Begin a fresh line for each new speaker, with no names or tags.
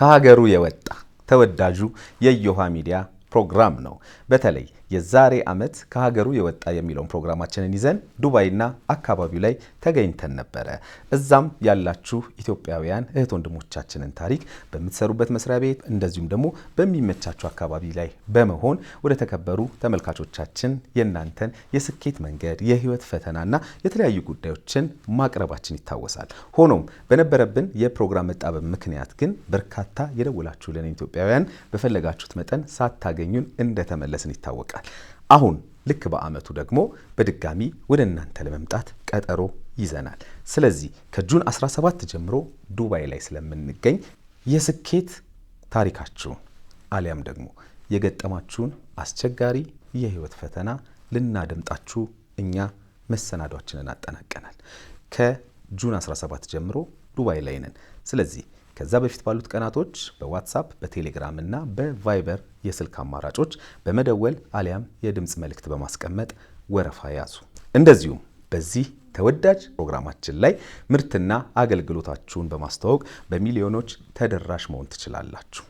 ከሀገሩ የወጣ ተወዳጁ የእዮሃ ሚዲያ ፕሮግራም ነው። በተለይ የዛሬ ዓመት ከሀገሩ የወጣ የሚለውን ፕሮግራማችንን ይዘን ዱባይና አካባቢው ላይ ተገኝተን ነበረ። እዛም ያላችሁ ኢትዮጵያውያን እህት ወንድሞቻችንን ታሪክ በምትሰሩበት መስሪያ ቤት እንደዚሁም ደግሞ በሚመቻችሁ አካባቢ ላይ በመሆን ወደ ተከበሩ ተመልካቾቻችን የእናንተን የስኬት መንገድ፣ የህይወት ፈተናና የተለያዩ ጉዳዮችን ማቅረባችን ይታወሳል። ሆኖም በነበረብን የፕሮግራም መጣበብ ምክንያት ግን በርካታ የደወላችሁልን ኢትዮጵያውያን በፈለጋችሁት መጠን ሳታገ ሳታገኙን እንደተመለስን ይታወቃል። አሁን ልክ በአመቱ ደግሞ በድጋሚ ወደ እናንተ ለመምጣት ቀጠሮ ይዘናል። ስለዚህ ከጁን 17 ጀምሮ ዱባይ ላይ ስለምንገኝ የስኬት ታሪካችሁን አሊያም ደግሞ የገጠማችሁን አስቸጋሪ የህይወት ፈተና ልናደምጣችሁ እኛ መሰናዷችንን አጠናቀናል። ከጁን 17 ጀምሮ ዱባይ ላይ ነን። ስለዚህ ከዛ በፊት ባሉት ቀናቶች በዋትሳፕ በቴሌግራም እና በቫይበር የስልክ አማራጮች በመደወል አሊያም የድምፅ መልእክት በማስቀመጥ ወረፋ ያዙ። እንደዚሁም በዚህ ተወዳጅ ፕሮግራማችን ላይ ምርትና አገልግሎታችሁን በማስተዋወቅ በሚሊዮኖች ተደራሽ መሆን ትችላላችሁ።